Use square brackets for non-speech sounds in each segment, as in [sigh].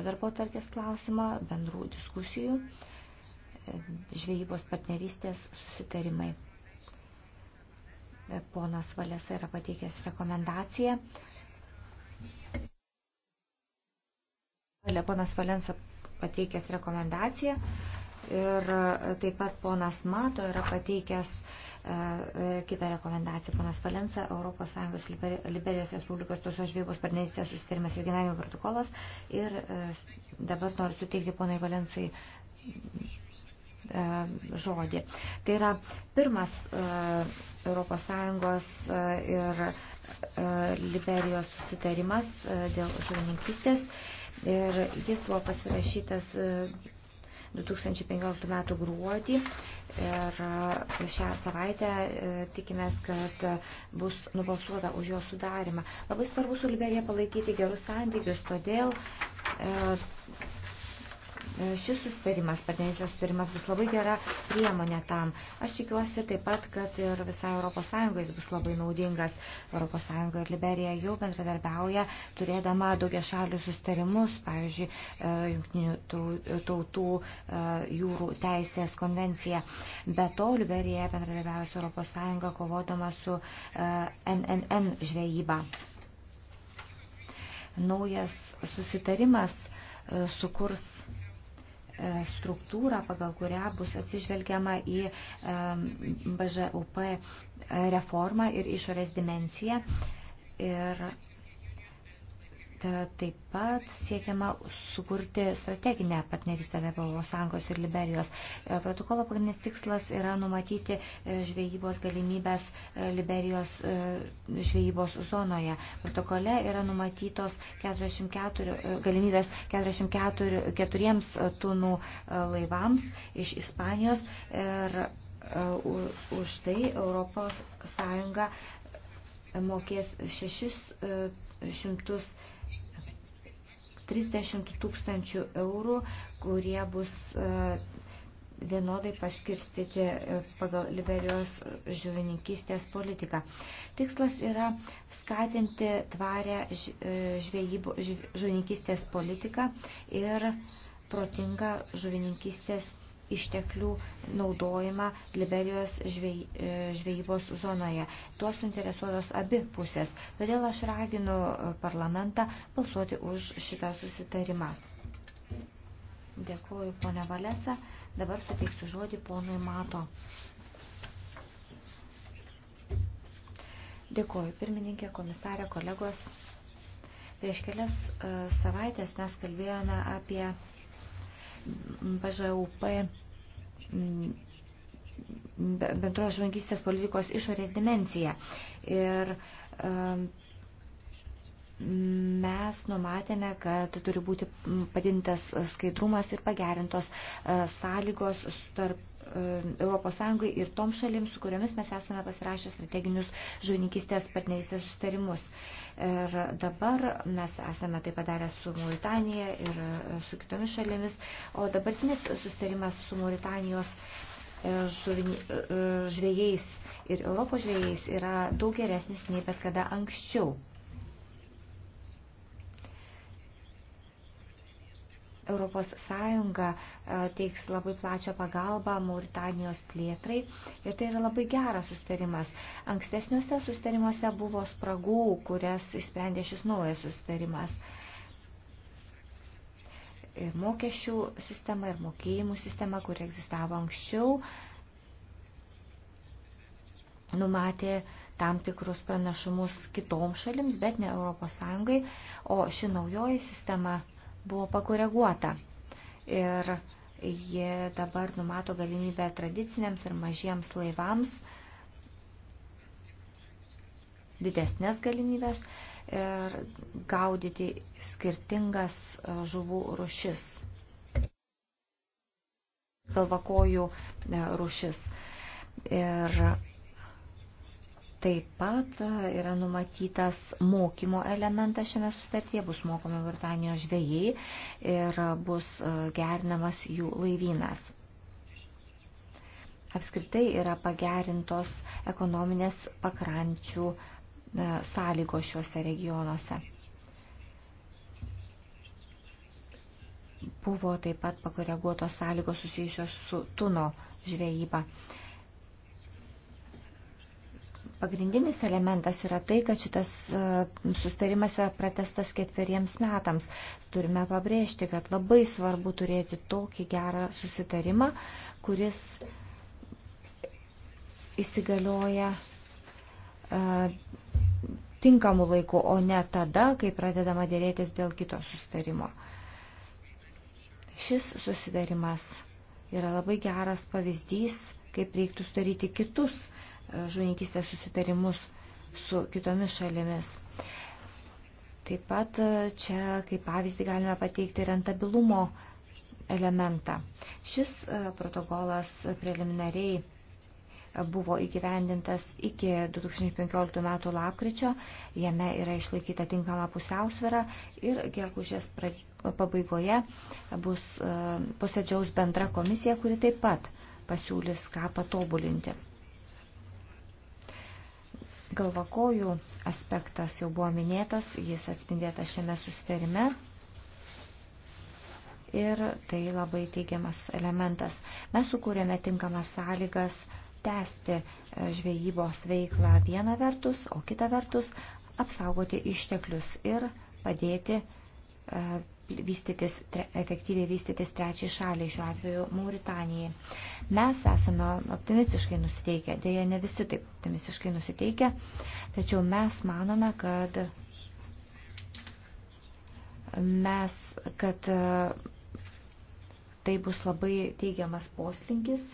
šeštą darbo tarkės klausimą bendrų diskusijų e, žvejybos partnerystės susitarimai. E, ponas Valesa yra pateikęs rekomendaciją. Ponas Valensa pateikęs rekomendaciją ir e, taip pat ponas Mato yra pateikęs E, kita rekomendacija, panas Valensa, ES Liberijos Respublikos tausios žvejybos partnerystės susitarimas ir gyvenimo protokolas. Ir e, dabar noriu suteikti ponai Valensai e, žodį. Tai yra pirmas ES ir Liberijos susitarimas dėl žuvininkistės ir jis buvo pasirašytas 2015 m. gruodį ir šią savaitę e, tikimės, kad bus nubalsuota už jo sudarimą. Labai svarbu su Liberija palaikyti gerus santykius, todėl e, E, šis susitarimas, partnerystės susitarimas bus labai gera priemonė tam. Aš tikiuosi taip pat, kad ir visai ES jis bus labai naudingas. ES ir Liberija jau bendradarbiauja, turėdama daugia šalių susitarimus, pavyzdžiui, e, jungtinių tautų e, jūrų teisės konvencija. Be to, Liberija bendradarbiauja su ES kovodama su NNN žvejyba. Naujas susitarimas sukurs E, struktūrą, pagal kurią bus atsižvelgiama į e, BŽUP e, reformą ir išorės dimenciją. Ir Taip pat siekiama sukurti strateginę partnerystę tarp ES ir Liberijos. E, protokolo pagrindinis tikslas yra numatyti e, žvejybos galimybės e, Liberijos žvejybos zonoje. Protokole yra numatytos 44, galimybės 44 tunų laivams iš Ispanijos ir už tai Europos Sąjunga mokės 600 30 tūkstančių eurų, kurie bus e, vienodai paskirstyti e, pagal Liberijos žuvininkystės politiką. Tikslas yra skatinti tvarę e, žuvininkystės politiką ir protingą žuvininkystės išteklių naudojimą Liberijos e, žvejybos zonoje. Tuo suinteresuotos abi pusės. Todėl aš raginu e, parlamentą balsuoti už šitą susitarimą. Dėkuoju, ponia Valesa. Dabar suteiksiu žodį ponui Mato. Dėkuoju, pirmininkė, komisarė, kolegos. Prieš kelias e, savaitės mes kalbėjome apie BŽUP mm, bendros žvangystės politikos išorės dimensiją. Ir um, mes numatėme, kad turi būti padintas skaidrumas ir pagerintos e, sąlygos tarp ES ir tom šalims, su kuriomis mes esame pasirašę strateginius žuvininkistės partnerystės sustarimus. Ir dabar mes esame tai padarę su Mauritanija ir e, su kitomis šalimis, o dabartinis sustarimas su Mauritanijos e, žvėjais ir Europos žvėjais yra daug geresnis nei bet kada anksčiau. ES e, teiks labai plačią pagalbą Mauritanijos plėtrai ir tai yra labai geras sustarimas. Ankstesniuose sustarimuose buvo spragų, kurias išsprendė šis naujas sustarimas. Ir mokesčių sistema, ir mokėjimų sistema, kur egzistavo anksčiau, numatė tam tikrus pranašumus kitoms šalims, bet ne Europos Sąjungai, o ši naujoji sistema buvo pakoreguota. Ir jie dabar numato galimybę tradiciniams ir mažiems laivams didesnės galimybės ir gaudyti skirtingas e, žuvų rušis, galvakojų e, rušis. Ir Taip pat e, yra numatytas mokymo elementas šiame sutartyje, bus mokomi Britanijos žvėjai ir bus e, gerinamas jų laivynas. Apskritai yra pagerintos ekonominės pakrančių e, sąlygos šiuose regionuose. Buvo taip pat pakoreguotos sąlygos susijusios su tuno žvejyba. Pagrindinis elementas yra tai, kad šitas e, sustarimas yra pratestas ketveriems metams. Turime pabrėžti, kad labai svarbu turėti tokį gerą susitarimą, kuris įsigalioja e, tinkamų laikų, o ne tada, kai pradedama dėrėtis dėl kito susitarimo. Šis susidarimas yra labai geras pavyzdys, kaip reiktų sudaryti kitus uh, žuvininkystės susitarimus su kitomis šalimis. Taip pat e, čia kaip pavyzdį galime pateikti rentabilumo elementą. Šis e, protokolas preliminariai e, buvo įgyvendintas iki 2015 metų lapkričio, jame yra išlaikyta tinkama pusiausvėra ir gegužės pabaigoje bus posėdžiaus bendra komisija, kuri taip pat pasiūlys ką patobulinti. Galvakojų aspektas jau buvo minėtas, jis atspindėtas šiame susitarime ir tai labai teigiamas elementas. Mes sukūrėme tinkamas sąlygas tęsti e, žvejybos veiklą vieną vertus, o kitą vertus apsaugoti išteklius ir padėti e, vystytis, tre, efektyviai vystytis trečiai šaliai, šiuo atveju Mauritanijai. Mes esame optimistiškai nusiteikę, dėja ne visi taip optimistiškai nusiteikę, tačiau mes manome, kad mes, kad tai bus labai teigiamas poslinkis.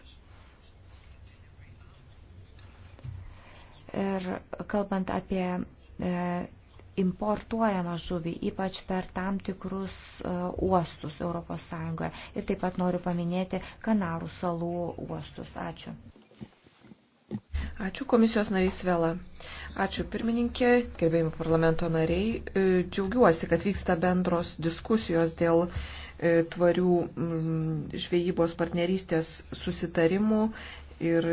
Ir kalbant apie e, importuojamą žuvį, ypač per tam tikrus e, uostus ES. Ir taip pat noriu paminėti Kanarų salų uostus. Ačiū. Ačiū komisijos narys Vela. Ačiū pirmininkė, gerbėjimų parlamento nariai. E, džiaugiuosi, kad vyksta bendros diskusijos dėl e, tvarių mm, žvejybos partnerystės susitarimų ir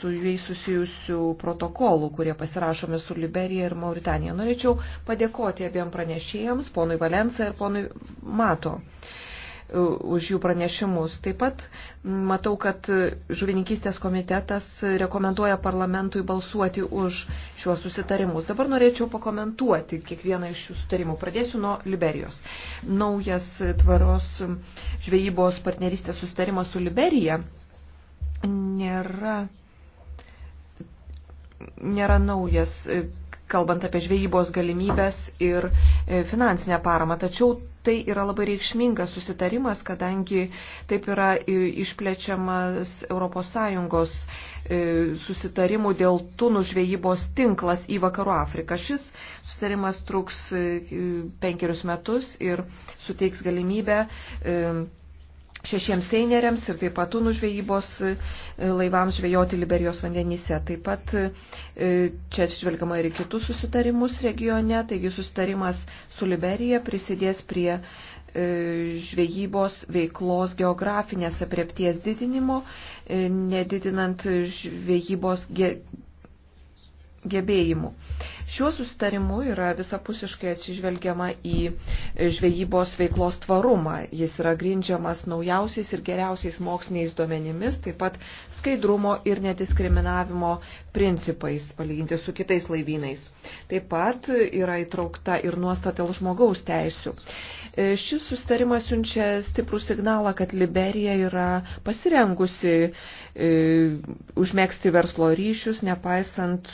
su jais susijusių protokolų, kurie pasirašomi su Liberija ir Mauritanija. Norėčiau padėkoti abiem pranešėjams, ponui Valensa ir ponui Mato e, už jų pranešimus. Taip pat matau, kad žuvininkystės komitetas rekomenduoja parlamentui balsuoti už šiuos susitarimus. Dabar norėčiau pakomentuoti kiekvieną iš šių sutarimų. Pradėsiu nuo Liberijos. Naujas tvaros žvejybos partnerystės susitarimas su Liberija nėra nėra naujas, e, kalbant apie žvejybos galimybės ir e, finansinę paramą. Tačiau tai yra labai reikšmingas susitarimas, kadangi taip yra e, išplečiamas ES susitarimų dėl tunų žvejybos tinklas į Vakarų Afriką. Šis susitarimas truks penkerius metus ir suteiks galimybę šešiems seineriams ir taip pat tunų žvejybos e, laivams žvejoti Liberijos vandenyse. Taip pat e, čia atsižvelgiama ir kitus susitarimus regione, taigi susitarimas su Liberija prisidės prie e, žvejybos veiklos geografinės apriepties didinimo, nedidinant žvejybos ge gebėjimų. Šiuo susitarimu yra visapusiškai atsižvelgiama į žvejybos veiklos tvarumą. Jis yra grindžiamas naujausiais ir geriausiais moksliniais duomenimis, taip pat skaidrumo ir nediskriminavimo principais, palyginti su kitais laivynais. Taip pat yra įtraukta ir nuostata dėl žmogaus teisų. E, šis sustarimas siunčia stiprų signalą, kad Liberija yra pasirengusi e, užmėgsti verslo ryšius, nepaisant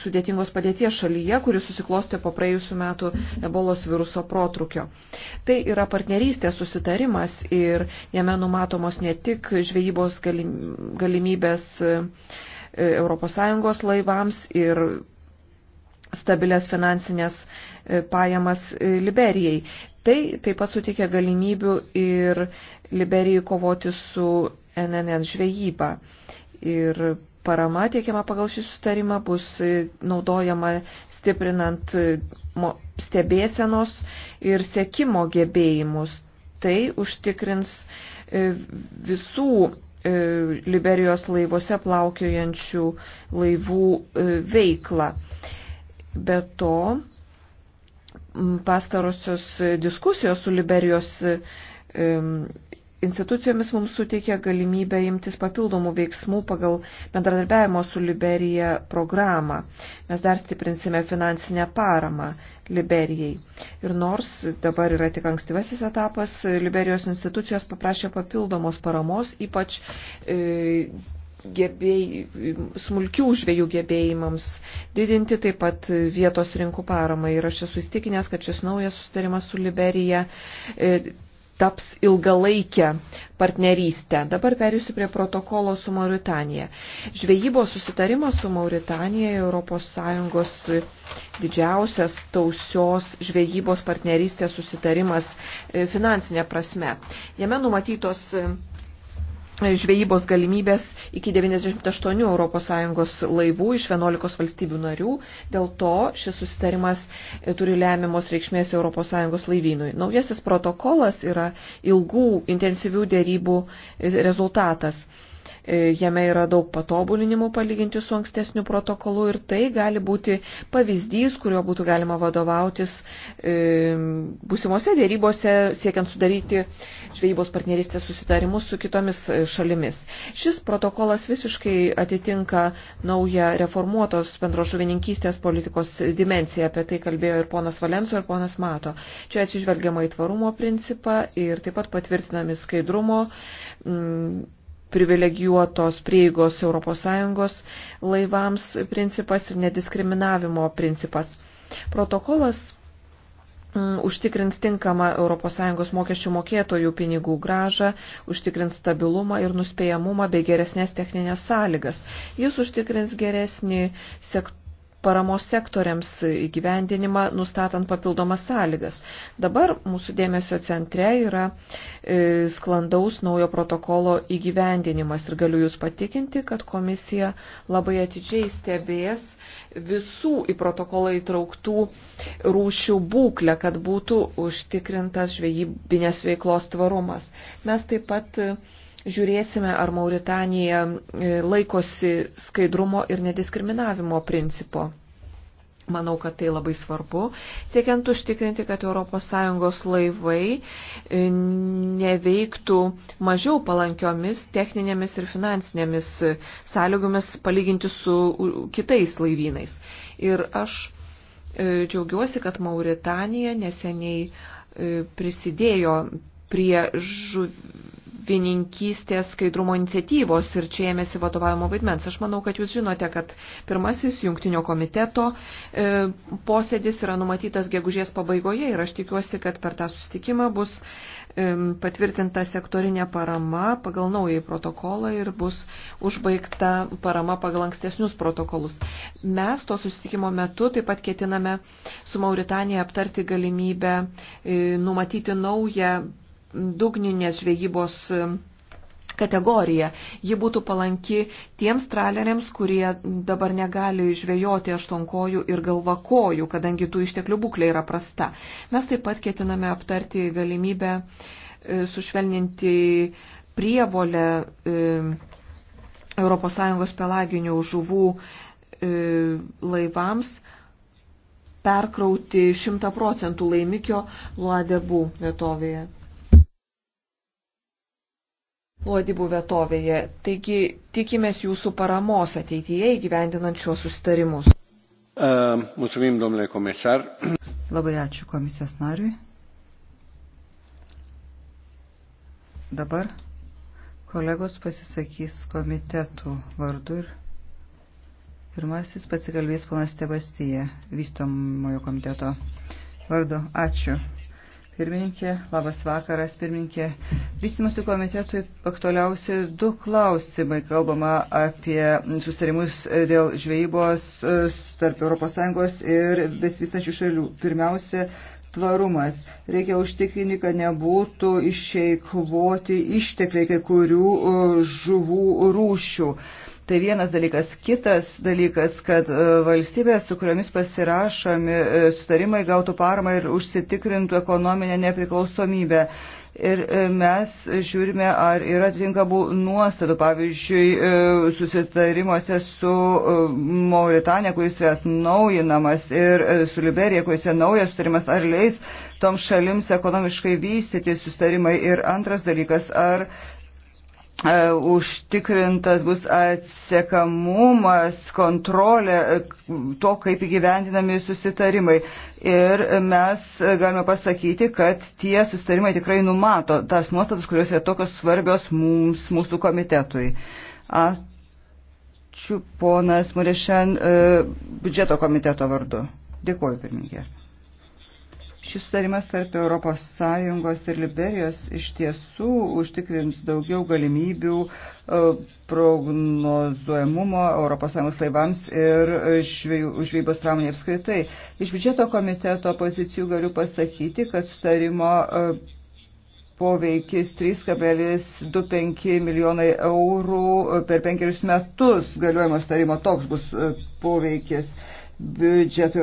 sudėtingos padėties šalyje, kuris susiklosti po praėjusiu metu ebolos viruso protrukio. Tai yra partnerystės susitarimas ir jame numatomos ne tik žvejybos galimybės ES laivams ir stabilias finansinės e, pajamas Liberijai. Tai taip pat suteikia galimybių ir Liberijai kovoti su NNN žvejyba. Ir parama tiekiama pagal šį sutarimą bus naudojama stiprinant stebėsenos ir sekimo gebėjimus. Tai užtikrins e, visų e, Liberijos laivuose plaukiojančių laivų e, veiklą. Be to, pastarosios diskusijos su Liberijos institucijomis mums suteikė galimybę imtis papildomų veiksmų pagal bendradarbiavimo su Liberija programą. Mes dar stiprinsime finansinę paramą Liberijai. Ir nors dabar yra tik ankstyvasis etapas, Liberijos institucijos paprašė papildomos paramos, ypač e, gebėj, smulkių žvėjų gebėjimams didinti, taip pat vietos rinkų paramą. Ir aš esu įstikinęs, kad šis naujas sustarimas su Liberija e, taps ilgalaikę partnerystę. Dabar perėsiu prie protokolo su Mauritanija. Žvejybos susitarimas su Mauritanija ES didžiausias tausios žvejybos partnerystės susitarimas e, finansinė prasme. Jame numatytos e, žvejybos galimybės iki 98 ES laivų iš 11 valstybių narių. Dėl to šis susitarimas e, turi lemiamos reikšmės ES laivynui. Naujasis protokolas yra ilgų intensyvių dėrybų e, rezultatas. E, jame yra daug patobulinimų palyginti su ankstesniu protokolu ir tai gali būti pavyzdys, kuriuo būtų galima vadovautis e, būsimose dėrybose, siekiant sudaryti žvejybos partnerystės susitarimus su kitomis e, šalimis. Šis protokolas visiškai atitinka naują reformuotos bendro žuvininkystės politikos dimenciją. Apie tai kalbėjo ir ponas Valenso, ir ponas Mato. Čia atsižvelgiama į tvarumo principą ir taip pat patvirtinami skaidrumo. Mm, privilegijuotos prieigos ES laivams principas ir nediskriminavimo principas. Protokolas mm, užtikrins tinkamą ES mokesčių mokėtojų pinigų gražą, užtikrins stabilumą ir nuspėjamumą bei geresnės techninės sąlygas. Jis užtikrins geresnį sektorių paramos sektoriams įgyvendinimą, nustatant papildomas sąlygas. Dabar mūsų dėmesio centre yra e, sklandaus naujo protokolo įgyvendinimas ir galiu Jūs patikinti, kad komisija labai atidžiai stebės visų į protokolą įtrauktų rūšių būklę, kad būtų užtikrintas žvejybinės veiklos tvarumas. Mes taip pat e, Žiūrėsime, ar Mauritanija e, laikosi skaidrumo ir nediskriminavimo principo. Manau, kad tai labai svarbu, siekiant užtikrinti, kad ES laivai e, neveiktų mažiau palankiomis techninėmis ir finansinėmis e, sąlygomis palyginti su kitais laivynais. Ir aš džiaugiuosi, kad Mauritanija neseniai prisidėjo prie žuv žuvininkystės skaidrumo iniciatyvos ir čia ėmėsi vadovavimo vaidmens. Aš manau, kad jūs žinote, kad pirmasis jungtinio komiteto e, posėdis yra numatytas gegužės pabaigoje ir aš tikiuosi, kad per tą sustikimą bus e, patvirtinta sektorinė parama pagal naująjį protokolą ir bus užbaigta parama pagal ankstesnius protokolus. Mes to sustikimo metu taip pat ketiname su Mauritanija aptarti galimybę e, numatyti naują dugninės žvejybos e, kategorija. Ji būtų palanki tiems traleriams, kurie dabar negali žvejoti aštonkojų ir galvakojų, kadangi tų išteklių būklė yra prasta. Mes taip pat ketiname aptarti galimybę e, sušvelninti prievolę ES pelaginių žuvų e, laivams perkrauti 100 procentų laimikio Luadebų vietovėje nuodybų vietovėje. Taigi tikimės jūsų paramos ateityje įgyvendinant šios sustarimus. Uh, mulțumim, domnule comisar. Labai ačiū komisijos nariui. Dabar kolegos pasisakys komitetų vardu ir pirmasis pasikalbės ponas Tebastyje, vystomojo komiteto vardu. Ačiū. Pirmininkė, labas vakaras, pirmininkė. Vystimosi komitetui aktualiausi du klausimai. Kalbama apie sustarimus dėl žvejybos e, tarp ES ir besivystančių šalių. Pirmiausia, tvarumas. Reikia užtikrinti, kad nebūtų išeikvoti ištekliai kai kurių e, žuvų rūšių. Tai vienas dalykas. Kitas dalykas, kad e, valstybės, su kuriomis pasirašomi e, sutarimai, gautų paramą ir užsitikrintų ekonominę nepriklausomybę. Ir e, mes žiūrime, ar yra atitinkamų nuostatų, pavyzdžiui, susitarimuose su Mauritanija, kuris yra atnaujinamas, ir su Liberija, kuris yra naujas sutarimas, ar leis toms šalims ekonomiškai vystyti susitarimai. Ir antras dalykas, ar E, užtikrintas bus atsekamumas, kontrolė e, to, kaip įgyvendinami susitarimai. Ir mes galime pasakyti, kad tie susitarimai tikrai numato tas nuostatas, kurios yra tokios svarbios mums, mūsų komitetui. Ačiū ponas Murešen e, biudžeto komiteto vardu. Dėkuoju, pirmininkė. Šis sutarimas tarp ES ir Liberijos iš tiesų užtikrins daugiau galimybių e, prognozuojamumo ES laivams ir žvejybos pramonė apskritai. Iš biudžeto komiteto pozicijų galiu pasakyti, kad sutarimo e, poveikis 3,25 milijonai eurų e, per penkerius metus galiojimo starimo toks bus poveikis biudžeto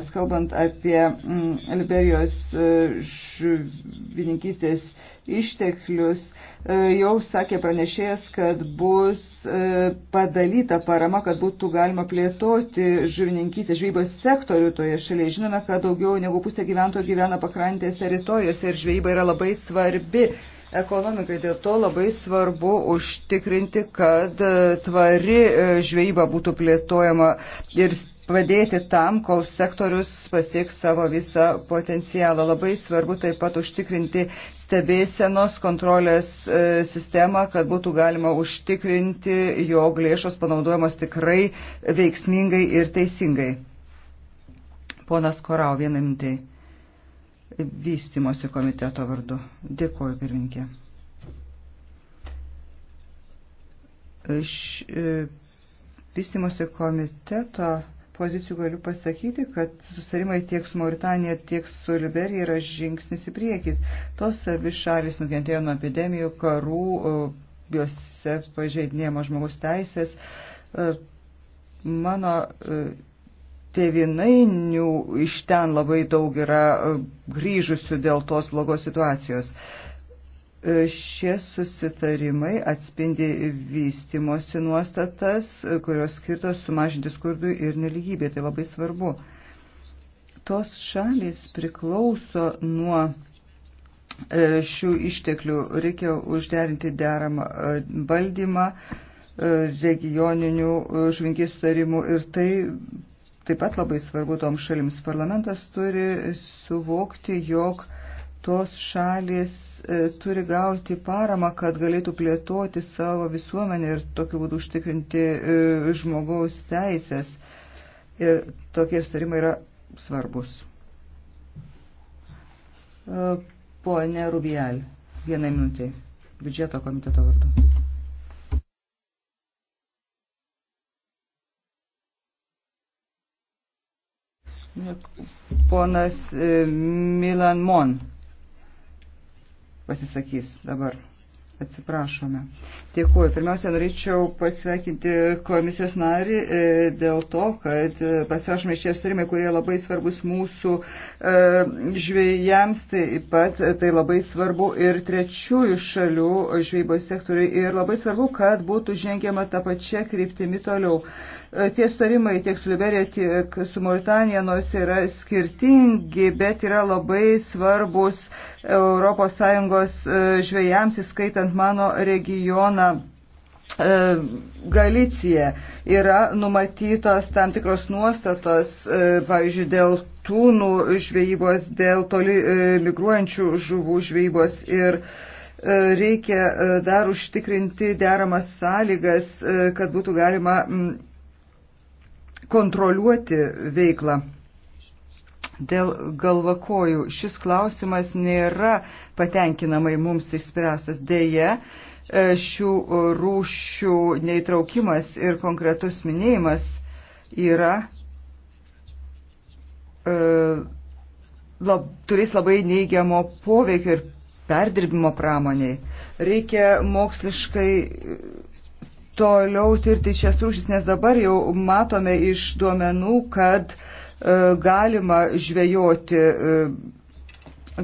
ES. Kalbant apie mm, Liberijos e, žuvininkystės išteklius, e, jau sakė pranešėjas, kad bus e, padalyta parama, kad būtų galima plėtoti žuvininkystės žvejybos sektorių toje šalyje. Žinome, kad daugiau negu pusė gyventojų gyvena pakrantės teritorijose ir žvejyba yra labai svarbi ekonomikai. Dėl to labai svarbu užtikrinti, kad tvari žvejyba būtų plėtojama ir padėti tam, kol sektorius pasieks savo visą potencialą. Labai svarbu taip pat užtikrinti stebėsenos kontrolės e, sistemą, kad būtų galima užtikrinti, jog lėšos panaudojamos tikrai veiksmingai ir teisingai. Ponas Korau, vieną minutę vystimosi komiteto vardu. Dėkuoju, pirminkė. Iš e, vystimosi komiteto pozicijų galiu pasakyti, kad susarimai tiek su Mauritanija, tiek su Liberija yra žingsnis į priekį. Tos abi šalis nukentėjo nuo epidemijų, karų, juose pažeidinėjama žmogus teisės. E, mano e, tėvinainių iš ten labai daug yra e, grįžusių dėl tos blogos situacijos. E, šie susitarimai atspindi vystimosi nuostatas, e, kurios skirtos sumažinti skurdui ir neligybė. Tai labai svarbu. Tos šalis priklauso nuo e, šių išteklių. Reikia užderinti deramą valdymą regioninių žvingiai sutarimų ir tai taip pat labai svarbu toms šalims. Parlamentas turi suvokti, jog tos šalis e, turi gauti paramą, kad galėtų plėtoti savo visuomenę ir tokiu būdu užtikrinti e, žmogaus teisės. Ir tokie sutarimai yra svarbus. E, pone Rubiel, vienai minutė. Biudžeto komiteto vardu. Ponas Milan Mon pasisakys dabar. Atsiprašome. Dėkuoju. Pirmiausia, norėčiau pasveikinti komisijos narį e, dėl to, kad e, pasirašome šie sutarimai, kurie labai svarbus mūsų e, žvėjams, taip pat tai labai svarbu ir trečiųjų šalių žvejybos sektoriui ir labai svarbu, kad būtų žengiama tą pačią kryptimį toliau. E, tie starimai tiek su Liberija, tiek su Mauritanija nors yra skirtingi, bet yra labai svarbus ES e, žvėjams, įskaitant mano regioną. E, Galicija yra numatytos tam tikros nuostatos, pavyzdžiui, dėl tūnų žvejybos, dėl toli migruojančių žuvų žvejybos ir reikia dar užtikrinti deramas sąlygas, kad būtų galima kontroliuoti veiklą. Dėl galvakojų šis klausimas nėra patenkinamai mums išspręstas. Deja, e, šių rūšių neįtraukimas ir konkretus minėjimas yra e, lab, turės labai neigiamo poveikio ir perdirbimo pramoniai. Reikia moksliškai toliau tirti šias rūšis, nes dabar jau matome iš duomenų, kad e, galima žvejoti e,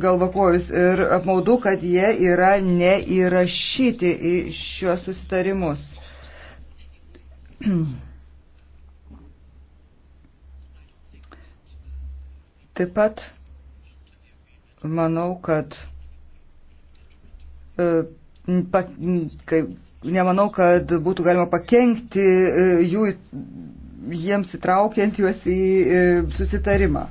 galvakojus ir apmaudu, kad jie yra neįrašyti į šiuos susitarimus. [clears throat] Taip pat manau, kad e, kai nemanau, kad būtų galima pakengti e, jų, jiems įtraukiant juos į e, susitarimą.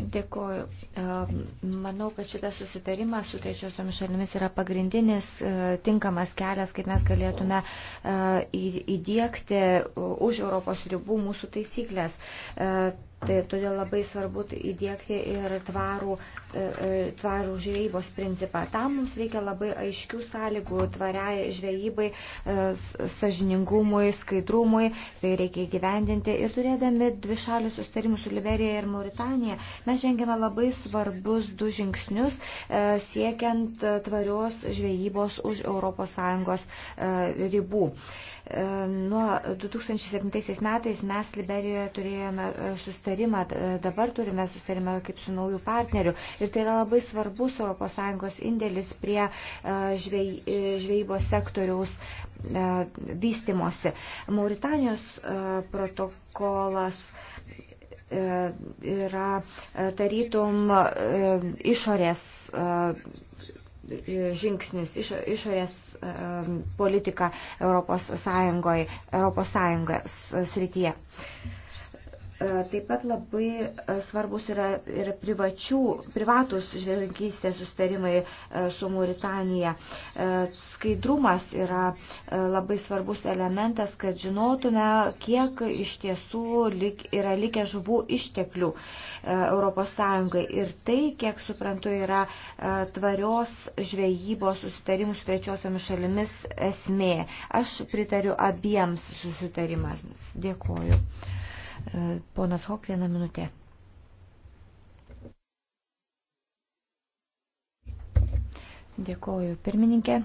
Dėkuoju. E, manau, kad šitas susitarimas su trečiosiomis šalimis yra pagrindinis tinkamas kelias, kaip mes galėtume įdėkti už Europos ribų mūsų taisyklės. Tai todėl labai svarbu įdėkti ir tvarų, e, e, tvarų žvejybos principą. Tam mums reikia labai aiškių sąlygų tvariai žvejybai, e, sažiningumui, skaidrumui, tai reikia įgyvendinti. Ir turėdami dvi šalių sustarimus su Liberija ir Mauritanija, mes žengėme labai svarbus du žingsnius siekiant tvarios žvejybos už ES ribų. Nuo 2007 metais mes Liberijoje turėjome e, sustarimą, e, dabar turime sustarimą kaip su naujų partnerių. Ir tai yra labai svarbus ES indėlis prie e, žvejybos sektoriaus vystimosi. Mauritanijos protokolas yra tarytum išorės žingsnis iš, išorės politika Europos Sąjungoje, Europos Sąjungos srityje. E, taip pat labai e, svarbus yra ir privačių, privatus žvėrinkystės sustarimai e, su Mauritanija. Skaidrumas yra labai svarbus elementas, kad žinotume, kiek iš tiesų yra likę žuvų išteklių ES. Ir tai, kiek suprantu, yra tvarios žvejybos susitarimų su trečiosiomis šalimis esmė. Aš pritariu abiems susitarimams. Dėkuoju. Ponas Hok, vieną minutę. Dėkoju pirmininkė.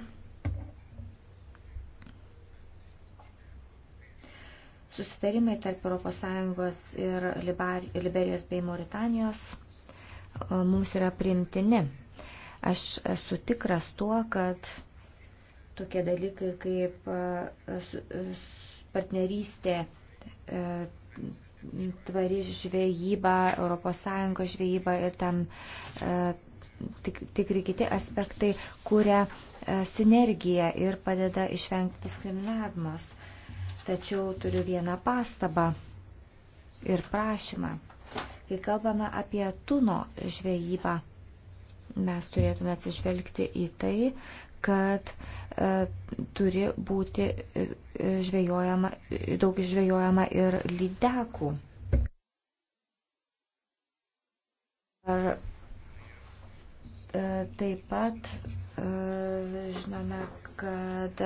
Susitarimai tarp ES ir Liberijos bei Mauritanijos e, mums yra priimtini. Aš esu tikras tuo, kad tokie dalykai kaip e, e, partnerystė tvari žvejyba, ES žvejyba ir tam e, tik, tikri kiti aspektai kūrė e, sinergiją ir padeda išvengti diskriminavimas. Tačiau turiu vieną pastabą ir prašymą. Kai kalbame apie tuno žvejybą, mes turėtume atsižvelgti į tai, kad e, turi būti e, e, žvejojama, daug žvejojama ir lydekų. Ar taip pat žinome, kad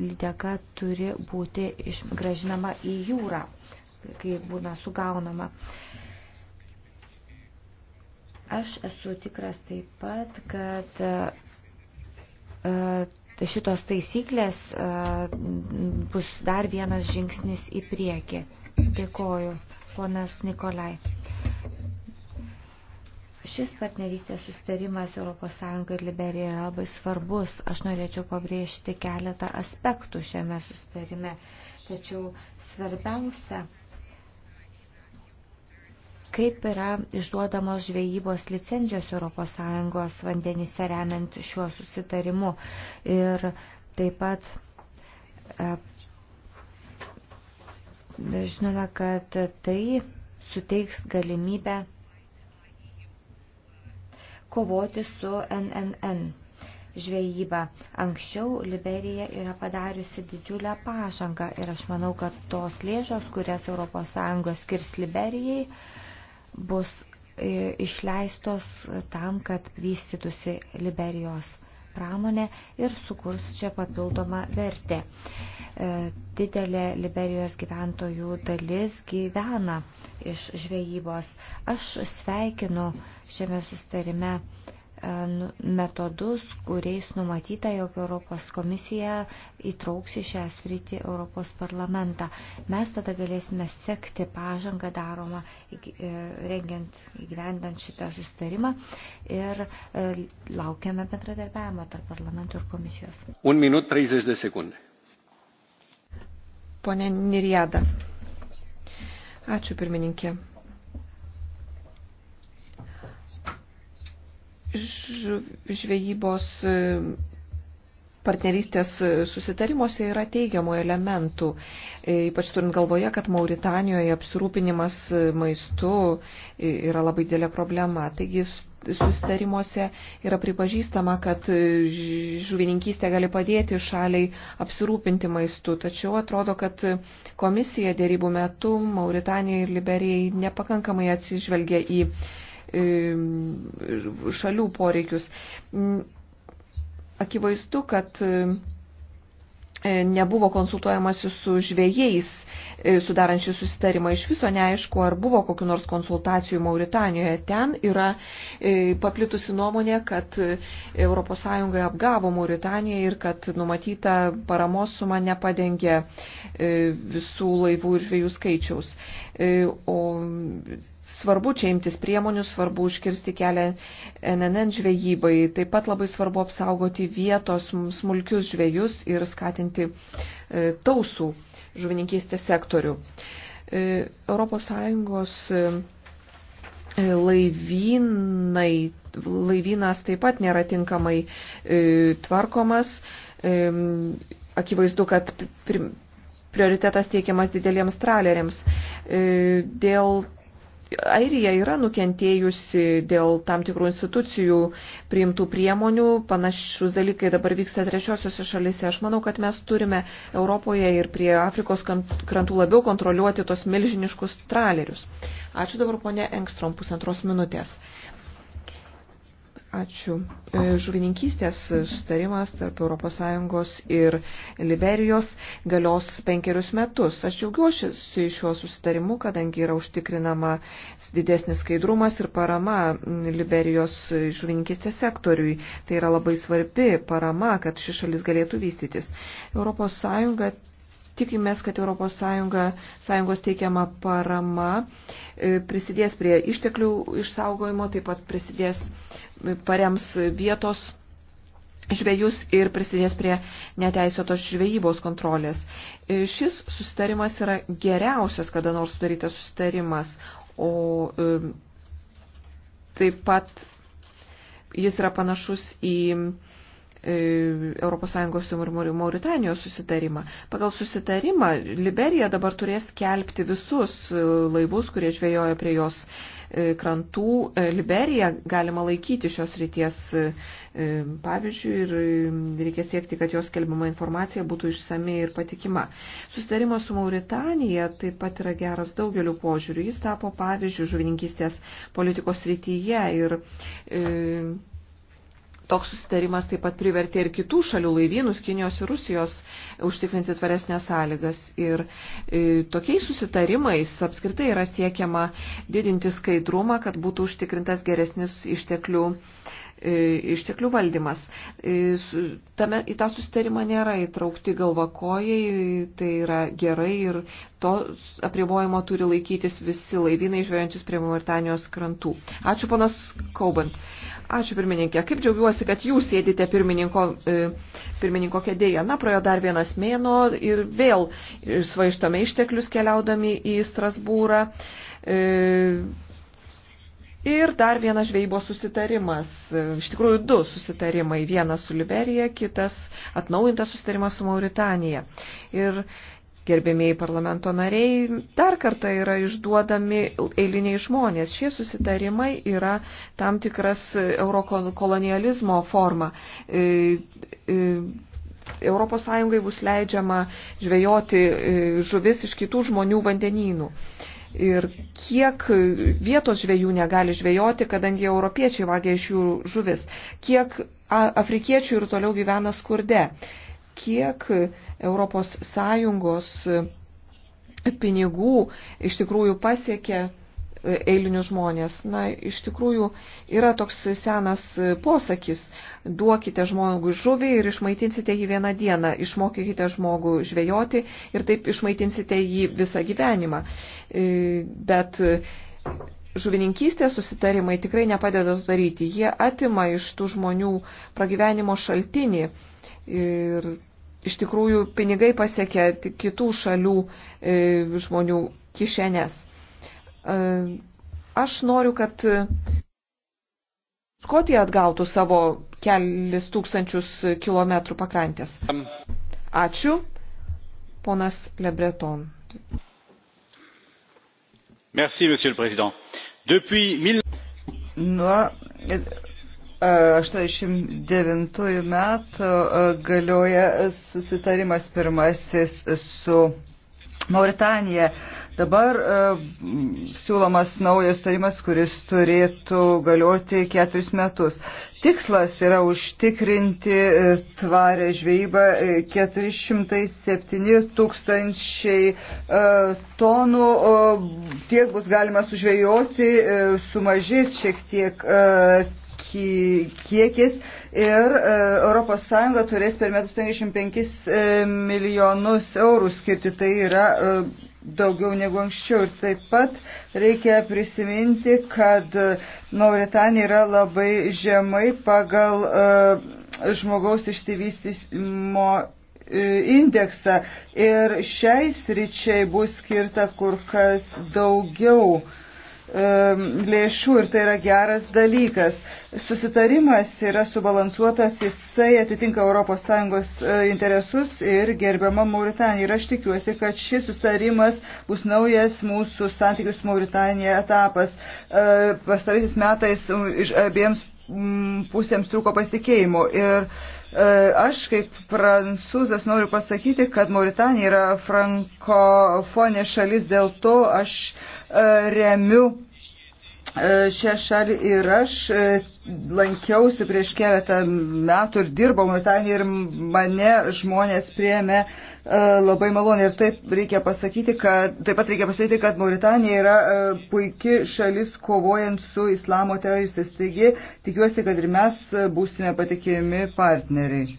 lydeka turi būti išgražinama į jūrą, kai būna sugaunama. Uh, Aš esu tikras taip pat, kad e, šitos taisyklės e, bus dar vienas žingsnis į priekį. Dėkoju, ponas Nikolai. Šis partnerystės sustarimas ES ir Liberija yra labai svarbus. Aš norėčiau pabrėžti keletą aspektų šiame sustarime. Tačiau svarbiausia kaip yra išduodamos žvejybos licenzijos ES vandenyse remiant šiuo susitarimu. Ir taip pat e, žinome, kad tai suteiks galimybę kovoti su NNN žvejyba. Anksčiau Liberija yra padariusi didžiulę pažangą ir aš manau, kad tos lėšos, kurias ES skirs Liberijai, bus e, išleistos tam, kad vystytųsi Liberijos pramonė ir sukurs čia papildomą vertę. E, didelė Liberijos gyventojų dalis gyvena iš žvejybos. Aš sveikinu šiame sustarime uh, metodus, kuriais numatyta, jog Europos komisija įtrauks į šią sritį Europos parlamentą. Mes tada galėsime sekti pažangą daromą, e, rengiant, įgyvendant šitą sustarimą ir e, laukiame bendradarbiavimo tarp parlamentų ir komisijos. Un minut 30 sekundė. Pone Nirjada. Ačiū pirmininkė. žvejybos e, partnerystės e, susitarimuose yra teigiamų elementų, e, ypač turint galvoje, kad Mauritanijoje apsirūpinimas maistu yra labai dėlė problema. Taigi susitarimuose yra pripažįstama, kad žuvininkystė gali padėti šaliai apsirūpinti maistu, tačiau atrodo, kad komisija dėrybų metu Mauritanijai ir Liberijai nepakankamai atsižvelgia į E, šalių poreikius. Mm, akivaizdu, kad e, nebuvo konsultuojamasi su žvėjais, e, sudarančių susitarimą. Iš viso neaišku, ar buvo kokiu nors konsultacijų Mauritanijoje. Ten yra paplitusi nuomonė, kad ES apgavo Mauritaniją ir kad numatyta paramos suma nepadengė visų laivų ir žvėjų skaičiaus. E, o svarbu čia imtis priemonių, svarbu užkirsti kelią NNN žvejybai. Taip pat labai svarbu apsaugoti vietos smulkius žvejus ir skatinti e, tausų žuvininkystės sektorių. ES e, laivynai, laivynas taip pat nėra tinkamai tvarkomas. Akivaizdu, kad prioritetas teikiamas dideliems traleriams. E, dėl Airija yra nukentėjusi dėl tam tikrų institucijų priimtų priemonių, panašus dalykai dabar vyksta trečiosiuose šalise. Aš manau, kad mes turime Europoje ir prie Afrikos krantų labiau kontroliuoti tos milžiniškus tralerius. Ačiū dabar ponė Engstrom pusantros minutės. Ačiū. E, žuvininkystės sustarimas tarp ES ir Liberijos galios penkerius metus. Aš džiaugiuosi šiuo sustarimu, kadangi yra užtikrinama didesnis skaidrumas ir parama Liberijos žuvininkystės sektoriui. Tai yra labai svarbi parama, kad ši šalis galėtų vystytis. ES Tikimės, kad ES sąjungos teikiama parama e, prisidės prie išteklių išsaugojimo, taip pat prisidės e, parems vietos žvėjus ir prisidės prie neteisėtos žvejybos kontrolės. E, šis susitarimas yra geriausias kada nors sudarytas susitarimas, o taip pat jis yra panašus į ES ir Mauritanijos susitarimą. Pagal susitarimą Liberija dabar turės kelbti visus e, laivus, kurie žvėjoja prie jos e, krantų. E, Liberija galima laikyti šios ryties pavyzdžių ir reikia siekti, kad jos kelbama informacija būtų išsami ir patikima. Susitarimas su Mauritanija taip pat yra geras daugeliu požiūrių. Jis tapo pavyzdžių žuvininkystės politikos rytyje ir e, Toks susitarimas taip pat privertė ir kitų šalių laivynus, Kinijos ir Rusijos, užtikrinti tvaresnės sąlygas. Ir e, tokiais susitarimais apskritai yra siekiama didinti skaidrumą, kad būtų užtikrintas geresnis išteklių E, išteklių valdymas. E, tame, į tą susitarimą nėra įtraukti galvakojai, tai yra gerai ir to apribojimo turi laikytis visi laivynai žvėjantis prie Mauritanijos krantų. Ačiū panas Kauban. Ačiū pirmininkė. Kaip džiaugiuosi, kad jūs sėdite pirmininko, e, pirmininko kėdėje. Na, praėjo dar vienas mėno ir vėl svaištame išteklius keliaudami į Strasbūrą. E, Ir dar vienas žvejybos susitarimas, iš tikrųjų du susitarimai, vienas su Liberija, kitas atnaujintas susitarimas su Mauritanija. Ir gerbėmiai parlamento nariai dar kartą yra išduodami eiliniai žmonės. Šie susitarimai yra tam tikras eurokolonializmo forma. E, e, Europos Sąjungai bus leidžiama žvejoti e, žuvis iš kitų žmonių vandenynų. E, ir kiek vietos žvėjų negali žvėjoti, kadangi europiečiai vagia iš jų žuvis, kiek afrikiečių ir toliau gyvena skurde, kiek ES pinigų iš tikrųjų pasiekia eilinius žmonės. Na, iš tikrųjų yra toks senas posakis, duokite žmogui žuvį ir išmaitinsite jį vieną dieną, išmokykite žmogų žvejoti ir taip išmaitinsite jį visą gyvenimą. E, bet žuvininkystės susitarimai tikrai nepadeda to daryti. Jie atima iš tų žmonių pragyvenimo šaltinį. Ir iš tikrųjų pinigai pasiekia kitų šalių e, žmonių kišenės. E, aš noriu, kad Škotija atgautų savo kelis tūkstančius kilometrų pakrantės. Um. Ačiū, ponas Lebreton. Merci, monsieur le président. Depuis mil... Nuo 89 e, e, metų galioja susitarimas pirmasis su Mauritanija. Dabar e, siūlomas naujas tarimas, kuris turėtų galioti keturis metus. Tikslas yra užtikrinti e, tvarę žvejybą 407 e, tūkstančiai e, tonų, o, tiek bus galima sužvejoti, e, sumažės šiek tiek. E, kiekis ir ES turės per metus 55 e, milijonus eurų skirti. Tai yra daugiau negu anksčiau. Ir taip pat reikia prisiminti, kad e, Mauritanija yra labai žemai pagal uh, žmogaus išsivystysimo e, indeksą ir šiai sričiai bus skirta kur kas daugiau uh, lėšų ir tai yra geras dalykas. Susitarimas yra subalansuotas, jisai atitinka ES eh, interesus ir gerbiama Mauritanija. Ir aš tikiuosi, kad šis susitarimas bus naujas mūsų santykius su Mauritanija etapas. Eh, pastaraisiais metais abiems pusėms trūko pasitikėjimo. Ir E, aš kaip prancūzas noriu pasakyti, kad Mauritanija yra frankofonė šalis, dėl to aš e, remiu E, šią šalį ir aš e, lankiausi prieš keletą metų ir dirbau Mauritanijoje ir mane žmonės prieėmė e, labai maloniai. Ir taip reikia pasakyti, kad, taip pat reikia pasakyti, kad Mauritanija yra puikia šalis kovojant su islamo teroristais. Taigi tikiuosi, kad ir mes būsime patikimi partneriai.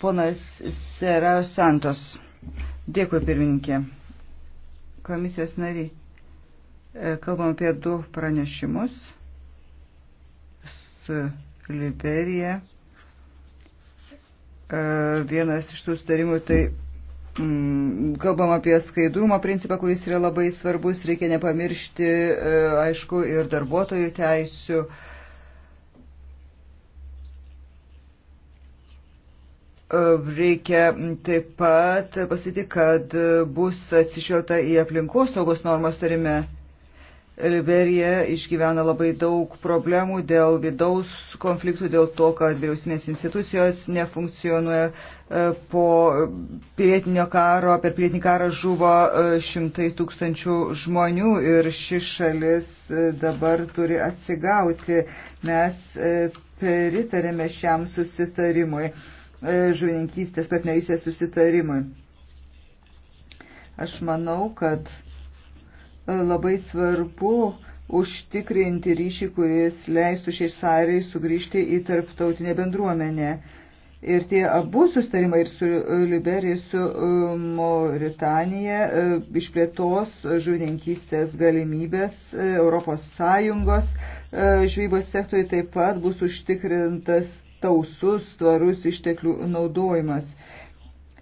Ponas Seras Santos. Dėkui, pirmininkė komisijos nariai. E, kalbam apie du pranešimus su Liberija. E, vienas iš tų sutarimų tai mm, kalbam apie skaidrumo principą, kuris yra labai svarbus, reikia nepamiršti, e, aišku, ir darbuotojų teisių. Reikia taip pat pasakyti, kad bus atsišvelgta į aplinkos saugos normos tarime. Liberija išgyvena labai daug problemų dėl vidaus konfliktų, dėl to, kad vyriausybės institucijos nefunkcionuoja. E, po pilietinio karo, per pilietinį karą žuvo e, šimtai tūkstančių žmonių ir ši šalis e, dabar turi atsigauti. Mes pritarėme šiam susitarimui. E, žuvininkystės partnerystės susitarimui. Aš manau, kad e, labai svarbu užtikrinti ryšį, kuris leistų šiai sąrai sugrįžti į tarptautinę bendruomenę. Ir tie abu sustarimai ir su Liberija, ir su e, Mauritanija išplėtos žuvininkystės galimybės Europos Sąjungos žvybos sektoriui taip pat bus užtikrintas tausus, tvarus išteklių naudojimas.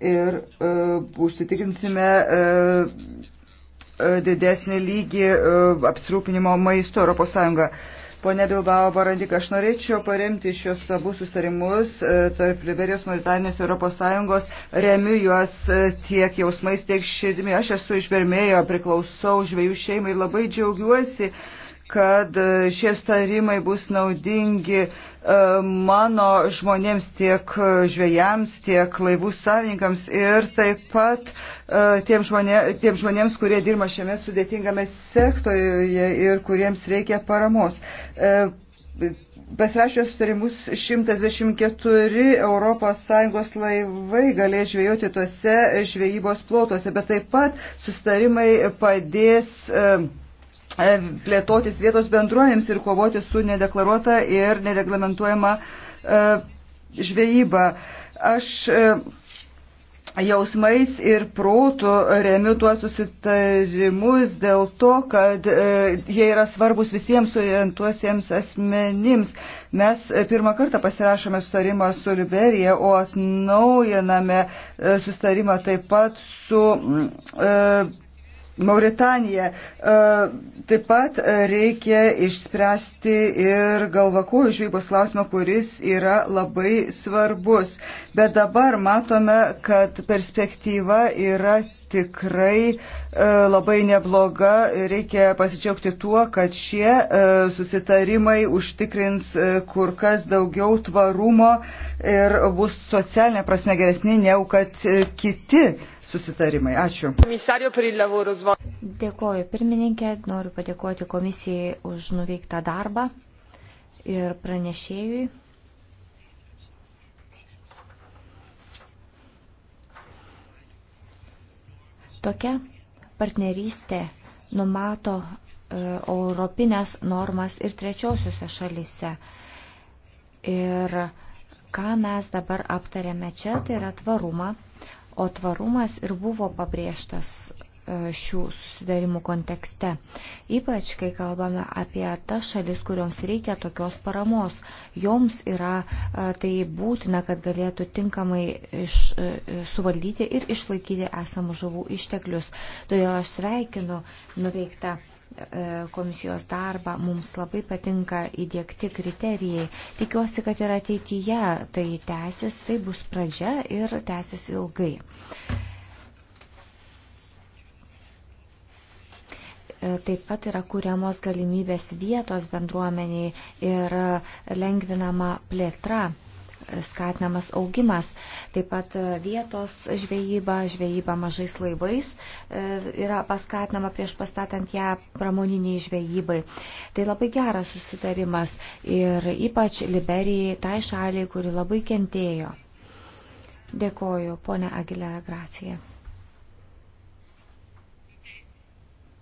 Ir uh, užsitikrinsime uh, didesnį lygį uh, apsirūpinimo maisto ES. Pone Bilbao Barandik, aš norėčiau paremti šios abu susitarimus tarp Liberijos, Mauritanijos ir ES, remiu juos tiek jausmais, tiek širdimi. Aš esu iš Bermėjo, priklausau žvėjų šeimai ir labai džiaugiuosi uh, kad e, šie starimai bus naudingi e, mano žmonėms tiek e, žvėjams, tiek laivų savininkams ir taip pat tiem, žmonė, tiem žmonėms, kurie dirba šiame sudėtingame sektoriuje ir kuriems reikia paramos. Pasirašęs sutarimus 124 ES laivai galės žvejoti tose žvejybos plotuose, bet taip pat sustarimai padės uh, E, plėtotis vietos bendruojams ir kovoti su nedeklaruota ir nereglamentuojama e, žvejyba. Aš e, jausmais ir protų remiu tuos susitarimus dėl to, kad jie yra svarbus visiems suorientuosiems asmenims. Mes pirmą kartą pasirašome susitarimą su Liberija, o atnaujiname susitarimą taip pat su. E, Mauritanija. E, taip pat reikia išspręsti ir galvakojų žvejybos klausimą, kuris yra labai svarbus. Bet dabar matome, kad perspektyva yra tikrai e, labai nebloga. Reikia pasidžiaugti tuo, kad šie e, susitarimai užtikrins kur kas daugiau tvarumo ir bus socialinė prasme geresni, negu kad kiti susitarimai. Ačiū. Dėkoju pirmininkė, noriu padėkoti komisijai už nuveiktą darbą ir pranešėjui. Tokia partnerystė numato e, europinės normas ir trečiosiuose šalise. Ir ką mes dabar aptarėme čia, tai yra tvarumą O tvarumas ir buvo pabrėžtas e, šių susidarimų kontekste. Ypač, kai kalbame apie tas šalis, kuriuoms reikia tokios paramos. Joms yra e, tai būtina, kad galėtų tinkamai iš, e, suvaldyti ir išlaikyti esamų žuvų išteklius. Todėl aš sveikinu nuveiktą E, komisijos darbą. Mums labai patinka įdėkti kriterijai. Tikiuosi, kad ir ateityje tai tęsis, tai bus pradžia ir tęsis ilgai. E, taip pat yra kuriamos galimybės vietos bendruomeniai ir lengvinama plėtra skatinamas augimas. Taip pat e, vietos žvejyba, žvejyba mažais laivais e, yra paskatinama prieš pastatant ją pramoniniai žvejybai. Tai labai geras susitarimas ir ypač Liberijai, tai šaliai, kuri labai kentėjo. Dėkoju, ponė Agilė Gracija.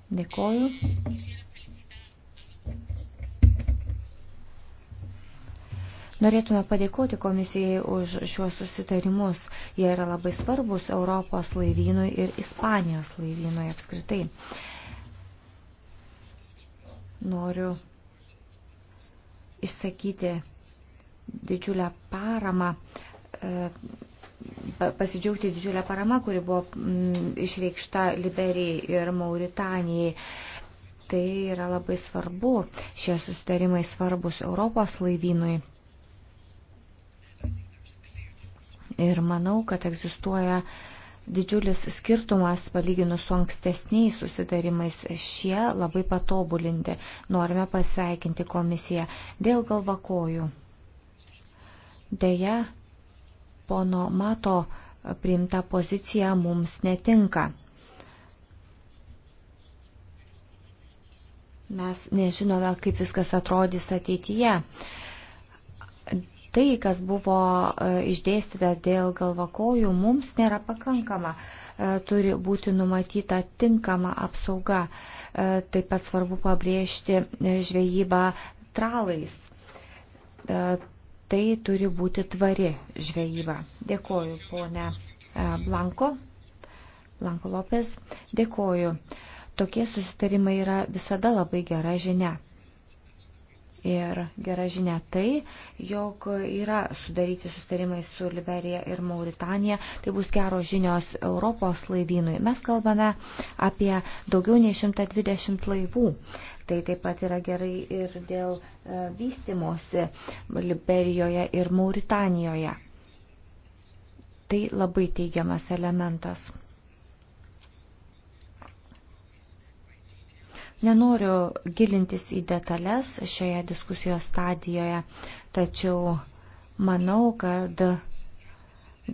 Dėkoju. Norėtume padėkoti komisijai už šiuos susitarimus. Jie yra labai svarbus Europos laivynui ir Ispanijos laivynui apskritai. Noriu išsakyti didžiulę paramą, e, pasidžiaugti didžiulę paramą, kuri buvo mm, išreikšta Liberijai ir Mauritanijai. Tai yra labai svarbu. Šie susitarimai svarbus Europos laivynui. Ir manau, kad egzistuoja didžiulis skirtumas palyginus su ankstesniais susitarimais. Šie labai patobulinti. Norime pasveikinti komisiją dėl galvakojų. Deja, pono Mato priimta pozicija mums netinka. Mes nežinome, kaip viskas atrodys ateityje. Tai, kas buvo e, išdėstyta dėl galvakojų, mums nėra pakankama. E, turi būti numatyta tinkama apsauga. E, taip pat svarbu pabrėžti žvejybą tralais. Tai turi būti tvari žvejyba. Dėkoju, ponė Blanko. Blanko Lopes. Dėkoju. Tokie susitarimai yra visada labai gera žinia. Ir gera žinia tai, jog yra sudaryti sustarimai su Liberija ir Mauritanija. Tai bus geros žinios Europos laivynui. Mes kalbame apie daugiau nei 120 laivų. Tai taip pat yra gerai ir dėl e, vystimosi Liberijoje ir Mauritanijoje. Tai labai teigiamas elementas. Nenoriu gilintis į detalės šioje diskusijos stadijoje, tačiau manau, kad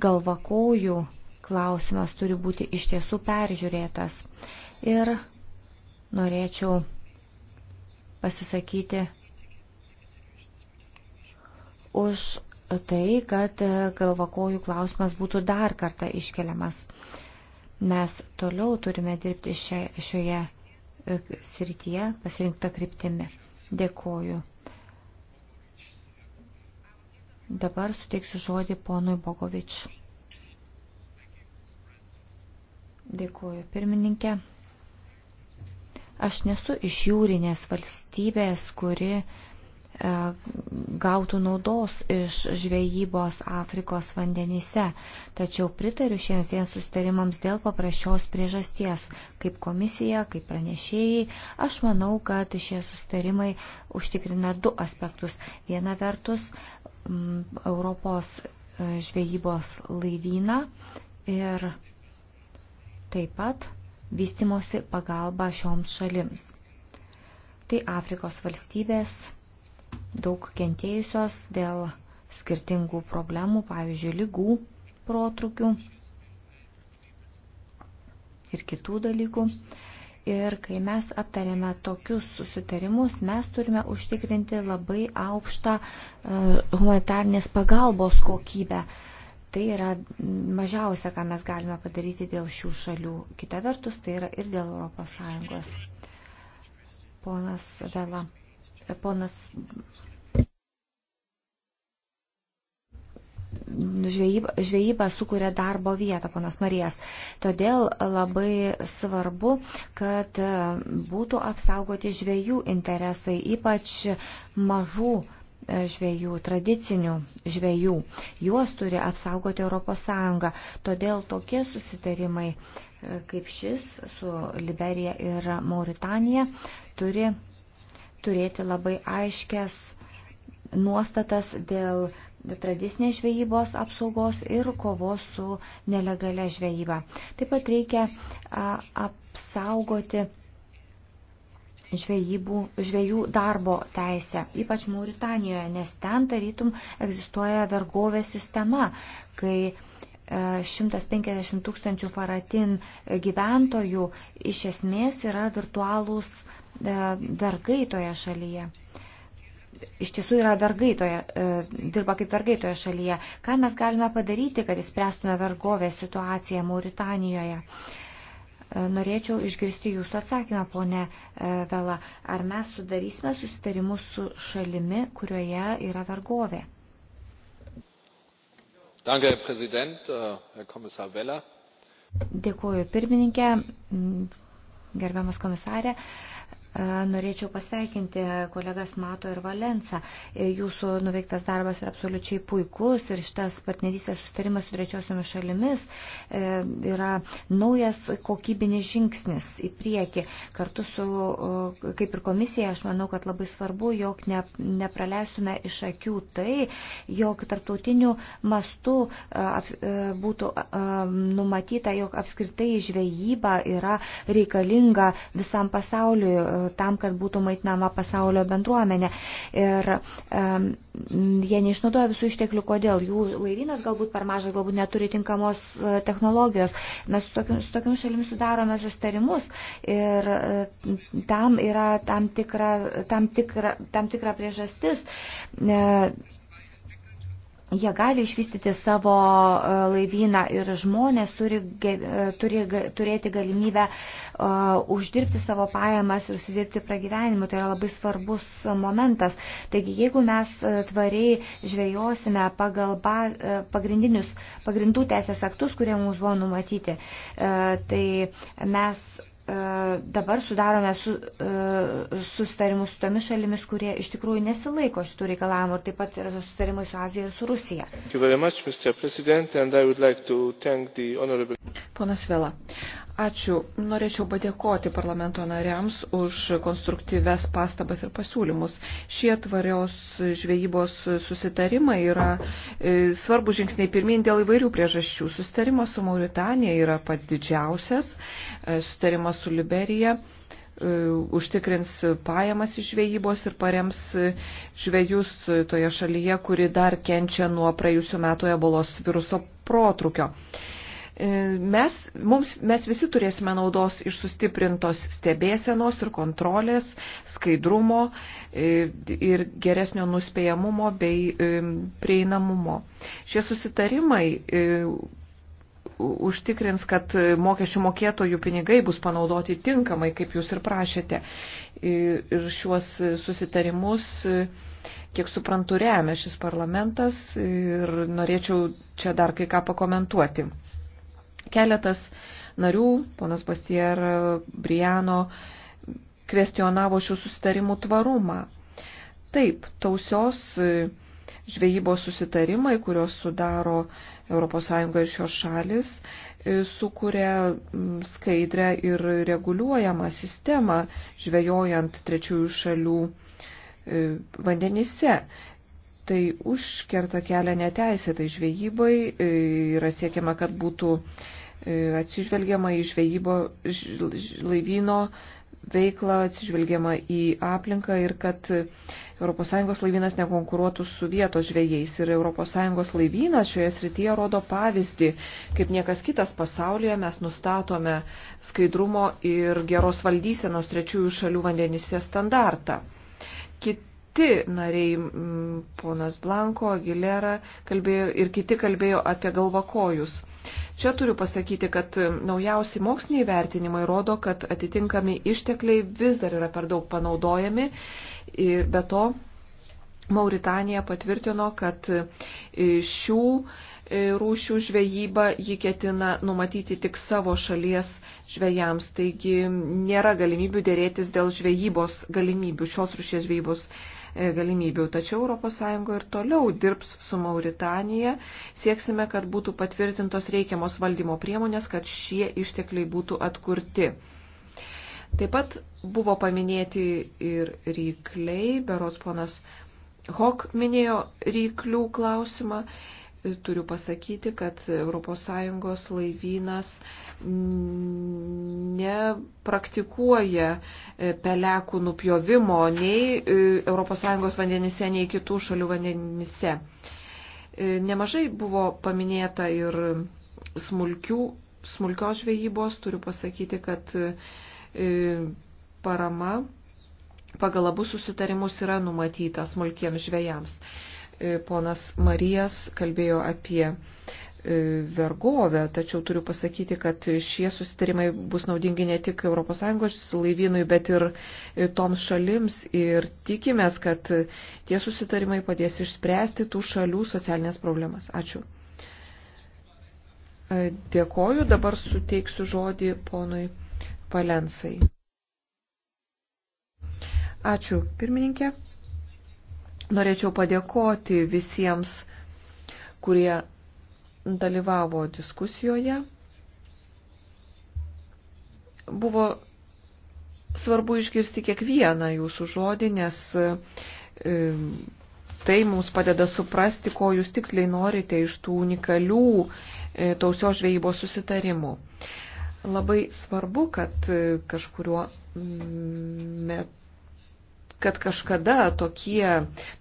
galvakojų klausimas turi būti iš tiesų peržiūrėtas. Ir norėčiau pasisakyti už tai, kad galvakojų klausimas būtų dar kartą iškeliamas. Mes toliau turime dirbti šioje E, srityje pasirinkta kryptimi. Dėkoju. Dabar suteiksiu žodį ponui Bogovič. Dėkuoju, pirmininkė. Aš nesu iš jūrinės valstybės, kuri uh, E, gautų naudos iš žvejybos Afrikos vandenyse. Tačiau pritariu šiems dien sustarimams dėl paprasčios priežasties. Kaip komisija, kaip pranešėjai, aš manau, kad šie sustarimai užtikrina du aspektus. Viena vertus, m, Europos e, žvejybos laivyną ir taip pat vystimosi pagalba šioms šalims. Tai Afrikos valstybės daug kentėjusios dėl skirtingų problemų, pavyzdžiui, lygų protrukių ir kitų dalykų. Ir kai mes aptarėme tokius susitarimus, mes turime užtikrinti labai aukštą e, humanitarnės pagalbos kokybę. Tai yra mažiausia, ką mes galime padaryti dėl šių šalių. Kita vertus, tai yra ir dėl ES. Ponas Vela. Ponas žvejyba, žvejyba sukuria darbo vietą, ponas Marijas. Todėl labai svarbu, kad būtų apsaugoti žvejų interesai, ypač mažų žvėjų, tradicinių žvėjų. Juos turi apsaugoti ES. Todėl tokie susitarimai e, kaip šis su Liberija ir Mauritanija turi turėti labai aiškias nuostatas dėl tradicinės žvejybos apsaugos ir kovos su nelegalia žvejyba. Taip pat reikia apsaugoti žvejybų, žvejų darbo teisę, ypač Mauritanijoje, nes ten tarytum egzistuoja vergovės sistema, kai 150 e, tūkstančių faratin gyventojų iš esmės yra virtualūs E, vergai toje šalyje. Iš tiesų yra vergai toje, e, dirba kaip vergai toje šalyje. Ką mes galime padaryti, kad įspręstume vergovės situaciją Mauritanijoje? E, norėčiau išgirsti jūsų atsakymą, ponė Vela. Ar mes sudarysime susitarimus su šalimi, kurioje yra vergovė? Danke, Herr Präsident, äh, Herr Kommissar Vela. Dėkuoju pirmininkė, gerbiamas komisarė. Uh, Norėčiau pasveikinti kolegas Mato ir Valensą. E, Jūsų nuveiktas darbas yra absoliučiai puikus ir šitas partnerystės sustarimas su trečiosiomis šalimis e, yra naujas kokybinis žingsnis į priekį. Kartu su, kaip ir komisija, aš manau, kad labai svarbu, jog ne, nepraleistume iš akių tai, jog tarptautiniu mastu ap, e, būtų numatyta, jog apskritai žvejyba yra reikalinga visam pasauliu tam, kad būtų maitinama pasaulio bendruomenė. Ir um, jie neišnaudoja visų išteklių, kodėl. Jų laivynas galbūt per mažas, galbūt neturi tinkamos e, technologijos. Mes su tokiamis tokiam šalimis sudarome sustarimus ir uh, tam yra tam tikra, tam tikra, tam tikra priežastis. Uh, Jie gali išvystyti savo e, laivyną ir žmonės turi, e, turi turėti galimybę uh, uždirbti savo pajamas ir užsidirbti pragyvenimu. Tai yra labai svarbus momentas. Taigi, jeigu mes tvariai žvejosime pagal ba, pagrindinius, pagrindų teisės aktus, kurie mums buvo numatyti, uh, tai mes E, dabar sudarome su, e, sustarimus su tomis šalimis, kurie iš tikrųjų nesilaiko šitų reikalavimų ir taip pat yra sustarimai su Azija ir su Rusija. Much, like honorable... Ponas Vela, Ačiū. Norėčiau padėkoti parlamento nariams už konstruktyves pastabas ir pasiūlymus. Šie tvarios žvejybos susitarimai yra e, svarbu žingsniai pirmin dėl įvairių priežasčių. Susitarimas su Mauritanija yra pats didžiausias, e, susitarimas su Liberija e, užtikrins pajamas iš žvejybos ir parems žvejus toje šalyje, kuri dar kenčia nuo praėjusiu metu ebolos viruso protrukio. E, E, mes, mums, mes visi turėsime naudos iš sustiprintos stebėsenos ir kontrolės, skaidrumo e, ir geresnio nuspėjamumo bei e, prieinamumo. Šie susitarimai užtikrins, kad mokesčių mokėtojų pinigai bus panaudoti tinkamai, kaip jūs ir prašėte. Ir šiuos susitarimus kiek suprantu, remia šis parlamentas ir norėčiau čia dar kai ką pakomentuoti. Keletas narių, ponas Pasier, Briano, kvestionavo šių susitarimų tvarumą. Taip, tausios e, žvejybos susitarimai, kurios sudaro ES ir šios šalis, e, sukuria skaidrę ir reguliuojamą sistemą žvejojant trečiųjų šalių e, vandenyse. Tai užkerta kelią neteisėtai žvejybai, e, yra siekiama, kad būtų e, atsižvelgiama į žvejybo laivyno veiklą, atsižvelgiama į aplinką ir kad ES laivynas nekonkuruotų su vietos žvėjais. Ir ES laivynas šioje srityje rodo pavyzdį, kaip niekas kitas pasaulyje mes nustatome skaidrumo ir geros valdysenos trečiųjų šalių vandenyse standartą. Kit kiti nariai, ponas Blanko, Agilera kalbėjo, ir kiti kalbėjo apie galvakojus. Čia turiu pasakyti, kad naujausi moksliniai vertinimai rodo, kad atitinkami ištekliai vis dar yra per daug panaudojami ir be to Mauritanija patvirtino, kad e, šių e, rūšių žvejybą ji ketina numatyti tik savo šalies žvejams. Taigi nėra galimybių dėrėtis dėl žvejybos galimybių, šios rūšies žvejybos E, galimybių. Tačiau ES ir toliau dirbs su Mauritanija. Sieksime, kad būtų patvirtintos reikiamos valdymo priemonės, kad šie ištekliai būtų atkurti. Taip pat buvo paminėti ir rykliai, berots ponas Hok minėjo ryklių klausimą turiu pasakyti, kad ES laivynas nepraktikuoja e, pelekų nupjovimo nei e, ES vandenise, nei kitų šalių vandenise. E, nemažai buvo paminėta ir smulkių, smulkios žvejybos, turiu pasakyti, kad parama pagal abu susitarimus yra numatyta smulkiems žvėjams. E, ponas Marijas kalbėjo apie e, vergovę, tačiau turiu pasakyti, kad šie susitarimai bus naudingi ne tik ES laivynui, bet ir e, toms šalims ir tikimės, kad tie susitarimai padės išspręsti tų šalių socialinės problemas. Ačiū. Dėkoju, dabar suteiksiu žodį ponui Palensai. Ačiū, pirmininkė. Norėčiau padėkoti visiems, kurie dalyvavo diskusijoje. Buvo svarbu išgirsti kiekvieną jūsų žodį, nes e, tai mums padeda suprasti, ko jūs tiksliai norite iš tų unikalių e, tausios žvejybos susitarimų. Labai svarbu, kad e, kažkuriuo metu kad kažkada tokie,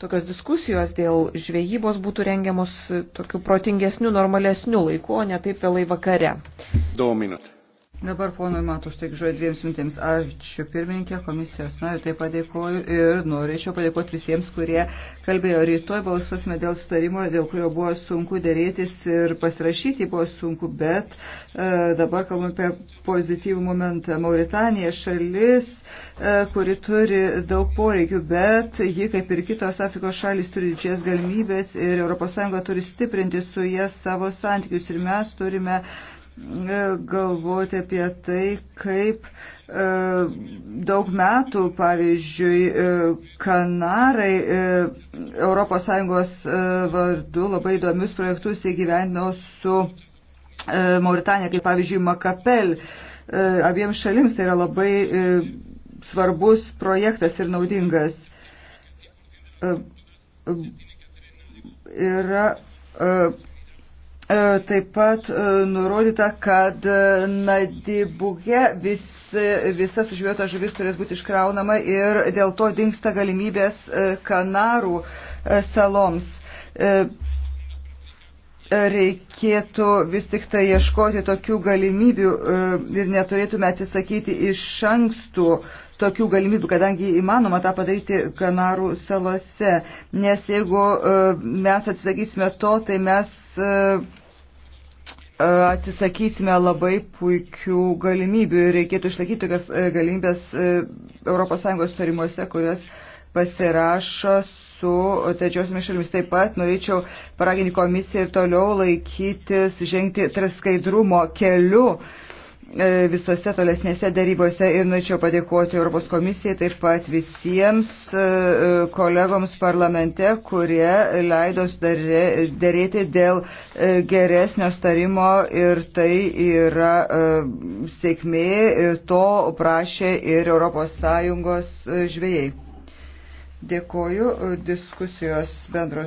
tokios diskusijos dėl žvejybos būtų rengiamos tokiu protingesniu, normalesniu laiku, o ne taip vėlai vakare. Dominut. Dabar ponui Matu užteikžuoju dviems mintėms. Ačiū pirmininkė, komisijos nariu, taip padėkoju ir norėčiau padėkoti visiems, kurie kalbėjo. Rytoj balsuosime dėl sutarimo, dėl kurio buvo sunku dėrėtis ir pasirašyti buvo sunku, bet e, dabar kalbame apie pozityvų momentą. Mauritanija šalis, e, kuri turi daug poreikių, bet ji, kaip ir kitos Afrikos šalis, turi didžias galimybės ir ES turi stiprinti su jie savo santykius ir mes turime E, galvoti apie tai, kaip e, daug metų, pavyzdžiui, e, Kanarai ES vardu labai įdomius projektus įgyvendino su Mauritanija, kaip pavyzdžiui Makapel. Abiems šalims tai yra labai svarbus projektas ir naudingas. Yra E, taip pat e, nurodyta, kad e, Nadibuge vis, visa sužvėjota žuvis turės būti iškraunama ir dėl to dinksta galimybės Kanarų saloms. Reikėtų vis tik tai ieškoti tokių galimybių ir neturėtume atsisakyti iš ankstų tokių galimybių, kadangi įmanoma tą padaryti Kanarų salose. Nes jeigu mes atsisakysime to, tai mes E, e, atsisakysime labai puikių galimybių ir reikėtų išlaikyti tokias e, galimybės ES tarimuose, kurias pasirašo su trečiosiomis šalimis. Taip pat norėčiau paraginti komisiją ir toliau laikytis, žengti skaidrumo keliu. Uh, E, visose tolesnėse darybose ir norėčiau padėkoti Europos komisijai, taip pat visiems e, e, kolegoms parlamente, kurie leido dėrėti dėl geresnio starimo ir tai yra sėkmė, to prašė ir ES žvėjai. Dėkoju, diskusijos bendros.